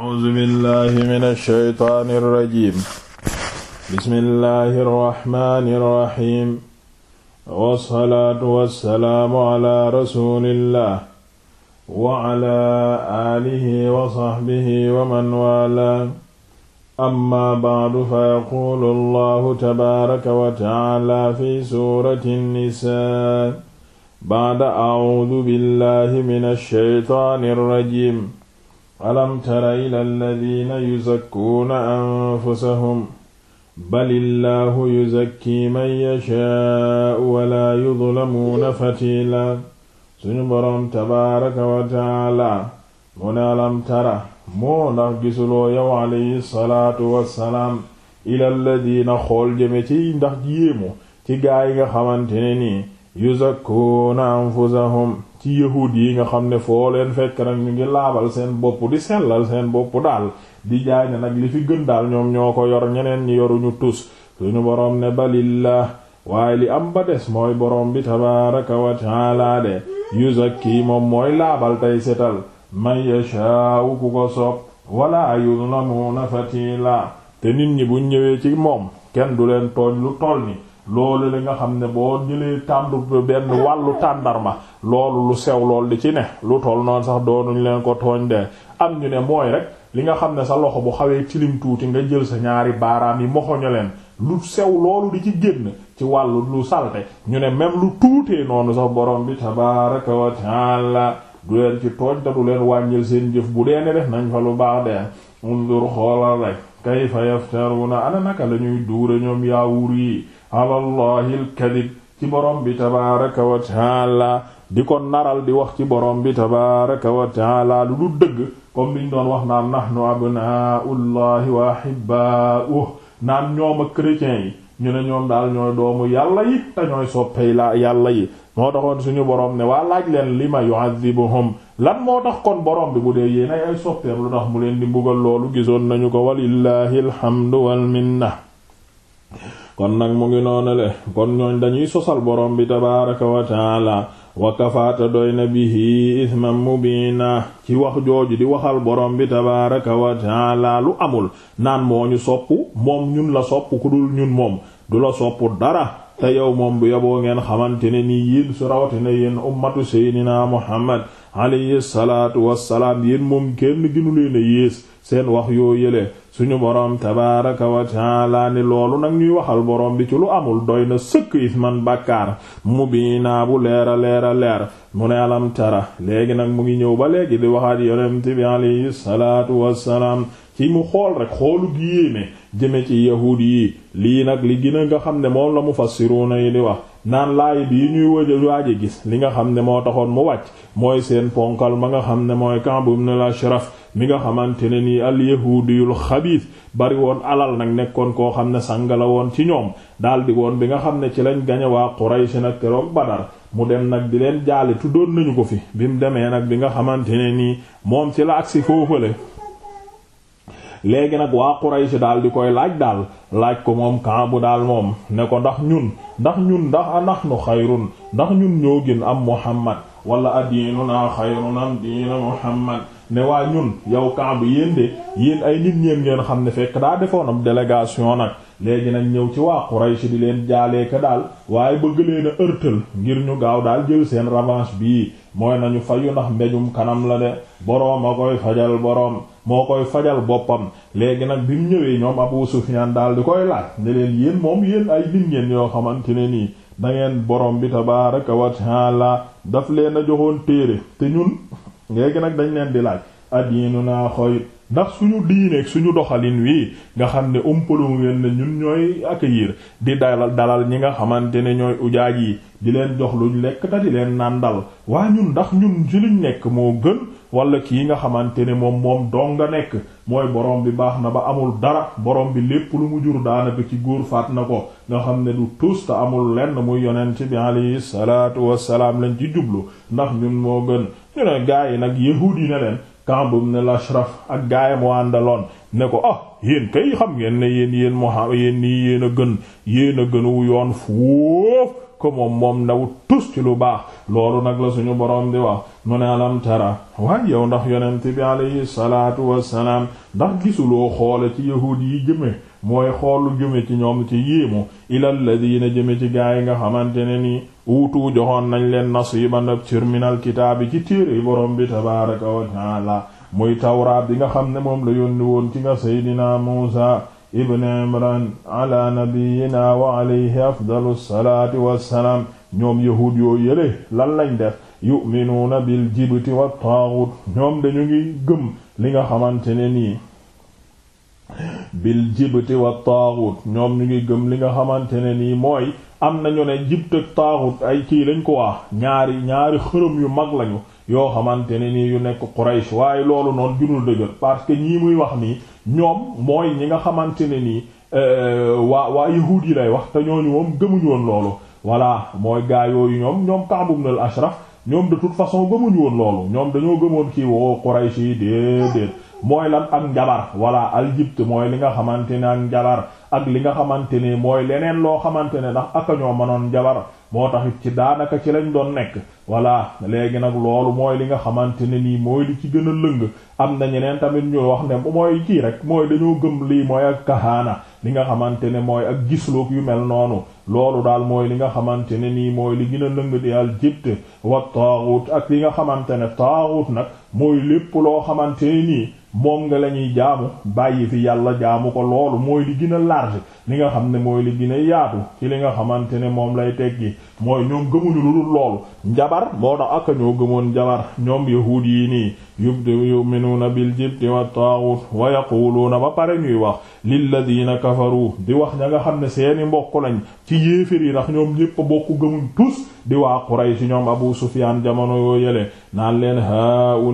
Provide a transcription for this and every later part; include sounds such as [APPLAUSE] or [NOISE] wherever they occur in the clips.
A'uuzu billaahi mina shaytaani rajiim. Bismillaahi rahmaani rahiim. Wassalaatu wassalaamu alaa rasuulillaah wa alaa aalihi wa sahbihi wa man waalaa. Amma ba'du fa yaquulu Allaahu tabaaraka wa ta'aalaa fi suurati Nisaa. Ba'da a'uuzu billaahi mina shaytaani rajiim. alam tara ila alladina yuzakkuuna anfusahum bal illaahu yuzakki man yashaa'u walaa yudlamuuna fatila suñu boroom tabaaraka wa taala mu ne alam tara moo ndax gisuloo yow alayhi salaatu wassalaam ila alladina xool jëme ci ndax yéemu ci gaay nga xamante ne nii yuzakkuuna anfusahum ci yahud yi nga xam ne foo leen fekk nag ñu ngi laabal seen bopp di sellal seen bopp daal di jaay ne nag li fi gën daal ñoom ñoo ko yor ñeneen ñi yoruñu tus suñu boroom ne balillah waaye li am ba des mooy boroom bi tabaraka wa taala moom mooy laabal tey setal man yashaa'u ku ko sob wala yuzlamuuna fatila te nit ñi buñ ñëwee ci moom kenn du leen tooñ lu tool ni loolu li nga xam ne boo jëlee tàndu benn wàllu tàndarma loolu lu sew loolu di ci ne lu toll noonu sax doonuñ leen ko tooñ de am ñu ne mooy rek li nga xam ne sa loxo bu xawee tilim tuuti nga jël sa ñaari baaraam yi moxoño leen lu sew loolu di ci génn ci wàllu lu salte ñu ne même lu tuutee noonu sax borom bi a wa taala du leen ci tooñ te du leen wàññil seen jëf bu dee ne def nañ fa lu baax de undur xoolal rek kayfa yaftaruna ana naka la ñuy ñoom yaawur alallahi alkadib ci borom bi tabaaraka wa di ko naral di wax ci borom bi tabaaraka wa taala lu du dëgg comme liñ doon wax naan nahnu abnaullahi wa ahibbauh naan ñooma chrétiens yi ñu ne ñoom daal ñooy doomu yàlla yi ñooy soppey la yàlla yi moo taxoon suñu borom ne waa laaj leen li ma lan moo tax kon borom bi bu dee yéen ay ay soppeem lu tax mu leen di mbugal loolu gisoon nañu ko walillahi alhamdu wal minna kon nag mu ngi noonale kon ñooñ dañuy sosal borom bi tabaaraka wa taala wa kafaata doy na bihi isman mubina ci wax jooju di waxal borom bi tabaaraka wa taala lu amul naan moo ñu sopp moom ñun la sopp ku dul ñun moom du la sopp dara te yow moom bu yoboo ngeen xamante ne nii yéen su rawatina yéen ummatu seydinaa muhammad alayhi wa wassalaam yéen moom kenn ginu leen yées seen wax yoo yële suñu boroom tabaaraka wa taala ni loolu nag ñuy waxal boroom bi ci lu amul doy na sëkk man bàkkaar mu biinaa bu leera leera leer mu ne alam tara léegi nag mu ngi ñëw ba léegi di waxaat yonent bi alayhi salaatu wassalaam ci mu xool rek xoolu di yéeme jëme ci yahuud yi lii nag li gën a nga xam ne moom la mu na yi di wax naan laay bii ñuy wëja waaje gis li nga xam ne moo taxoon mu wàcc mooy seen ponkal ma nga xam ne mooy Ka'b ibn al-Ashraf mi nga xamante ne nii al yahudiyul xabiis bari woon alal nag nekkoon koo xam ne sang la woon ci ñoom daldi woon bi nga xam ne ci lañ gañe waa si nag keroog Badar mu dem nag di leen jaale tuddoon nañu ko fi bi demee nag bi nga xamante ne nii moom ci la agsi foofale léegi nag waa Quraysh daal di koy laaj daal laaj ko moom Kaabu daal moom ne ko ndax ñun ndax ñun ndax nahnu xayrun ndax ñun ñoo gën am Muhammad wala addiinuna xayrun am diina Muhammad ne waa ñun yow Kaabu yéen de yéen ay nit ñeen ngeen xam ne fekk daa defoon am délégation nag léegi nag ñëw ci waa Quraysh di leen jaalee jaaleeka daal waaye bëgg leen a ngir ñu gaaw daal jël seen revanche bii mooy nañu yu ndax mbejum kanam la de boroom a koy boroom moo koy fajal boppam léegi nag bi mu ñëwee ñoom Abu Sufyaan daal di koy laaj ne leen yéen moom yéen ay nit yoo xamante ne nii da ngeen borom bi tabaaraka wa taala daf leen a joxoon téere te ñun [LAUGHS] léegi nag dañ leen di laaj addiinu naa xoy ndax suñu diineeg suñu doxalin wi nga xam ne umpalu ngeen ne ñun ñooy accueillir di dalal dalal ñi nga xamante ne ñooy ujaaj yi di leen jox luñ lekk te di leen naan dal waa ñun ndax ñun ci luñ nekk moo gën walla kii nga xamante ne moom moom dong nga nekk mooy borom bi baax na ba amul dara borom bi lépp lu mu jur daanaka ci góor faat na ko nga xam ne du tus te amul lenn muy yonent bi alayhi salaatu wassalaam lañ ci jublu ndax ñun moo gën ñu ne gaa yi nag yahuud yi ne leen kambum ne lashraf ak gaayam mu àndaloon ne ko ah yéen kay xam ngeen ne yéen yéen moo xam yéen nii yéen a gën yéen a gënu yoon foofu ko moom moom nawut tus ci lu baax loolu nag la suñu boroom di wax mu ne alam tara waaye yow ndax yonent bi alayhi salaatu wassalaam ndax gisuloo xoole ci yahuud yi jëme mooy xoolu jëme ci ñoom ci yéemu ilal ladina jëme ci gaa yi nga xamante ne nii uutu joxoon nañ leen nasiiban ab terminal kitaabi ci téere boroom bi tabaaraka wa taala muy tawraat bi nga xam ne moom la yónni woon ci nga seydinaa Muusaa ibn imran ala nabiyina wa alayhi afdalu salaati wassalaam ñoom yahuud yoo yële lan lañ def yu'minuuna bil jibti wa taaxut ñoom dañu ngi gëm li nga xamante ne nii bil jibti wa taaxut ngi gëm li nga xamante ne nii mooy am nañu ne jibt ak taaxut ay kii lañ ko wax ñaari ñaari xërëm yu mag lañu yoo xamante ne nii yu nekk Quraysh waaye loolu noonu junul dëgër parce que ñii muy wax nii ñoom mooy ñi nga xamante ne nii euh, waa waa yahuud yi lay wax te ñooñu moom gëmuñu woon loolu voilà mooy gaa yooyu ñoom ñoom Ka'b ibn al-Ashraf ñoom de toute façon gëmuñu woon loolu ñoom dañoo gëmoon kii woo Quraysh yi déedéet mooy lan ak njabar walla aljibt mooy li nga xamante ne ak njabar ak li nga xamante ne mooy leneen loo xamante ne ndax aka ñoo mënoon njabar moo taxit ci daanaka ci lañ doon nekk voilà léegi nag loolu mooy li nga xamante ne nii mooy li ci gën a lëng am na ñeneen tamit ñu wax ne mooy kii rek mooy dañoo gëm lii mooy ak li nga xamante ne mooy ak gisloog yu mel noonu loolu daal mooy li nga xamante ne nii mooy li gën a lëng di aljibt wa taaxut ak li nga xamante ne taaxut nag mooy lépp loo xamante nii moom nga la ñuy jaamu bàyyi fi yàlla jaamu ko loolu mooy li gën a large li nga xam ne mooy li gën yaatu ci li nga xamante ne moom lay teggi mooy ñoom gëmuñu lu dul loolu njabar moo tax ak ñoo gëmoon njabar ñoom yahuud yii nii yubdi na bil jibti wa taaghut wa na ba pare ñuy wax la lilladiina kafaru di wax ña nga xam ne seeni mbokk lañ ci yéefér yi ndax ñoom ñépp bokk gëmuñ tous di waa ci ñoom Abu Sufyaan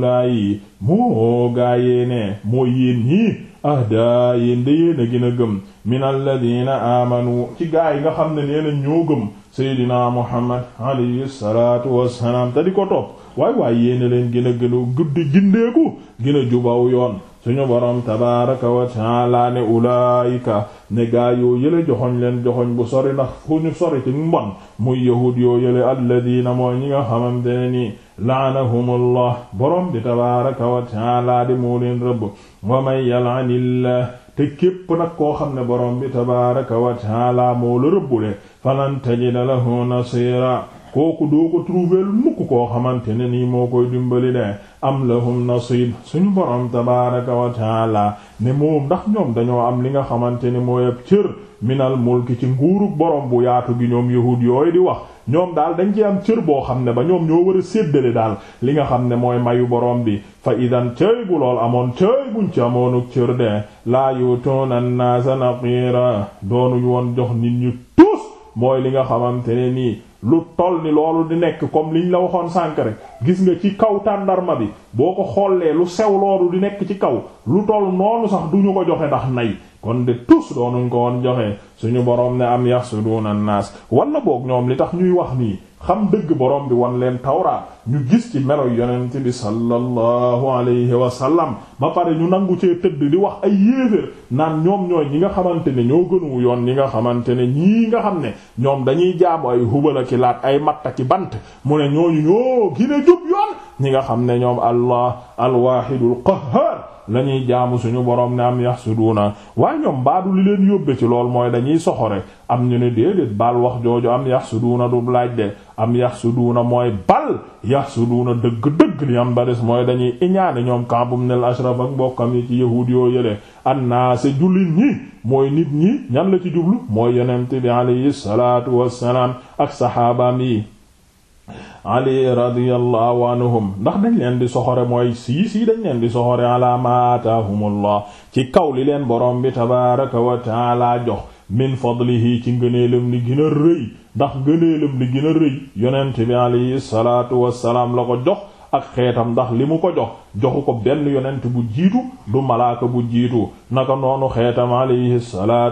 gaa yi moo gaa yee ne mooy yéen ñii ahdaa yéen de yéen a gën a gëm min alladina aamanu ci gaa yi nga xam ne nee na ñoo gëm seydina muhammad alayhi salaatu wassalaam te di ko topp waay waay yéena leen gën a gën a guddi gindeeku gën a jubaw yoon suñu borom tabaaraka wa taala ne ulaayika ne gaa yële joxoñ leen joxoñ bu sori ndax fu ñu sori ci mbon muy yahud yoo yële alladina mooy ñi nga xamante ne nii laanahumullah borom bi tabaaraka wa ta'aala di moo leen rëbb wa man yal'anillah te képp nag koo xam ne borom bi tabaaraka wa ta'aala moo la rëbbule falan tajida lahu nasiira kooku doo ko trouver mukk koo xamante ne nii moo koy dimbali de am lahum nasib suñu borom tabaraka wa taala ne moom ndax ñoom dañoo am li nga xamante ne mooy ab cër minal mulki ci nguurug borom bu yaatu gi ñoom yahud yooyu di wax ñoom daal dañ ci am cër boo xam ne ba ñoom ñoo war a séddale daal li nga xam ne mooy mayu borom bi fa idan cëy bu lool amoon cëy buñ ci amoonuk cër de laa yutoona naasa naqiira doonuñ woon jox nit ñu tuus mooy li lu toll ni loolu di nekk comme liñ la waxoon sànk rek gis nga ci kaw tàndarma bi boo ko xoolee lu sew loolu di nekk ci kaw lu toll noonu sax duñu ko joxe ndax nay kon de tous doonuñ ko woon joxe suñu boroom ne am yahsuduna an-nas wala boog ñoom li tax ñuy wax nii xam dëgg borom bi wan leen tawraat ñu gis ci melo yonent bi sallallahu alayhi wa sallam ba pare ñu nangu cee tëdd di wax ay yéeféer naan ñoom ñooy ñi nga xamante ne ñoo gënuwu yoon ñi nga xamante ne ñii nga xam ne ñoom dañuy jaamu ay hubala ki laat ay matta ki bant mu ne ñooñu ñoo gine jub yoon ñi nga xam ne ñoom allah alwahidul qahhar la ñuy jaamu suñu borom ne am yaxsuduuna waaye ñoom mbaadu li leen yóbbe ci lool mooy dañuy soxore am ñu ne déedéet bal wax jooju am yaxsuduuna du laaj de am yaxsuduuna mooy bal yaxsuduuna dëgg-dëgg li am ba mooy dañuy iñaane ñoom kampum nel ashraf ak mbokkam yi ci yahuud yoo yële annaase jullit ñi mooy nit ñi ñan la ci jublu mooy yonent bi alayhi salaatu wassalaam ak saxaabaam yi ali radiyallahu anhum ndax dañ leen di soxore mooy sii sii dañ leen di soxore ala ci kaw li leen borom bi tabaaraka wa taala jox min fadlihi ci ngëneelam li gën rëy ndax ngëneelam li gën a rëy yonent bi alayhi salaatu wassalaam la ko jox ak xeetam ndax li mu ko jox joxu ko benn yonent bu jiitu du malaaka bu jiitu naka noonu xeetam alayhi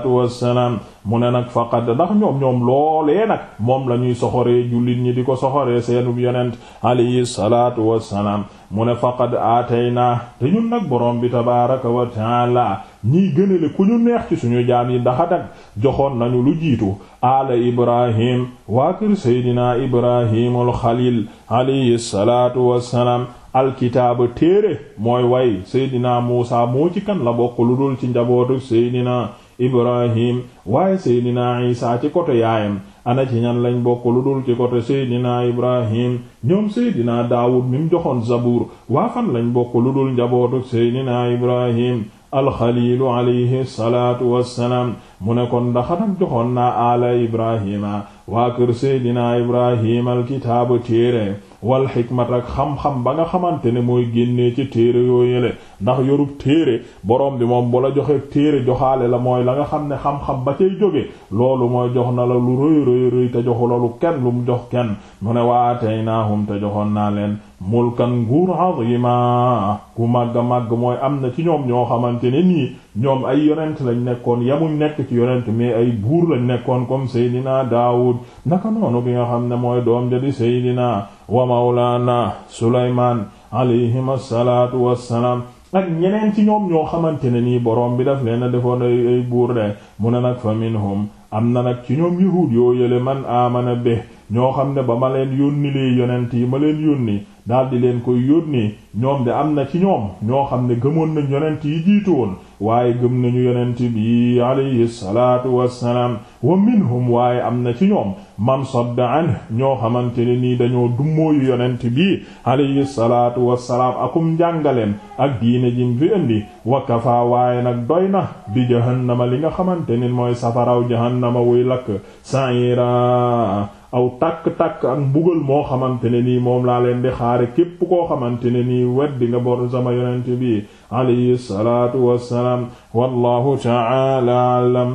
wassalaam mu ne nag faqad ndax ñoom ñoom loolee nag moom la ñuy soxoree jullit ñi di ko soxoree seenub yonent alayhi salaatu wassalaam mu ne faqad aataynaa te ñun nag borom bi tabaaraka wa taala ñiy gënale ku ñu neex ci suñu jaam yi ndax nag joxoon nañu lu jiitu aala ibrahim waa kër seydinaa ibrahimul xalil alayhi salaatu wassalaam alkitaaba téere mooy way seydinaa muusa moo ci kan la bokk lu dul ci njabootu seydinaa ibrahim waaye seydinaa isa ci côté yaayam ana ci ñan lañ bokk lu dul ci côté seydinaa ibrahim ñoom seydinaa daawud mi mu joxoon zabur waa fan lañ bokk lu dul njabootuk seydinaa ibrahim alxalilu alayhi salaatu wassalaam mu ne kon ndaxanam joxoon naa ala ibrahima waa kër seydinaa ibrahim alkitaaba téere wal xikmat ak xam-xam ba nga xamante ne mooy génnee ci téere yoo yële ndax yorub téere borom bi moom bu la joxe téere joxaale la mooy la nga xam ne xam-xam ba cay jóge loolu mooy jox na la lu rëy rëy te joxu la lu kenn lu mu jox kenn mu ne waataynaahum te joxoon naa leen mulkan nguur ma ku màgg màgg mooy am na ci ñoom ñoo xamante ne nii ñoom ay yonent lañ nekkoon yamuñ nekk ci yonent mais ay buur lañu nekkoon comme Seydina daawut naka noonu xam ne mooy doom ja di wa mawlaana Sulaymaan alayhim assalaatu wassalaam ak ñeneen ci ñoom ñoo xamante ne nii boroom bi daf leen defoon ay buur de mu ne nag fa minhum am na nag ci ñoom yahuud yoo yële man aamana be ñoo xam ne ba ma leen yónni lay yonent yi ma leen yónni daldi leen koy yónni ñoom de am na ci ñoom ñoo xam ne gëmoon nañ yonent yi jiitu waaye gëm nañu yonent bi alayhi salaatu wassalaam wa minhum waaye am na ci ñoom man sadda an ñoo xamante ne nii dañoo dummóoyu yonent bi alayhi salaatu wassalaam akum njàngaleem ak diine jim fi indi wakkafa waaye nag doy na bi jahannama li nga xamante ni mooy safaraw jahannama wuy lakk sa sa'ira aw tàkk takk ak mbugal moo xamante ne nii moom laa leen di xaare képp koo xamante ne nii weddi nga bor sama yonent bi alayhi salaatu wassalaam wallahu ta'ala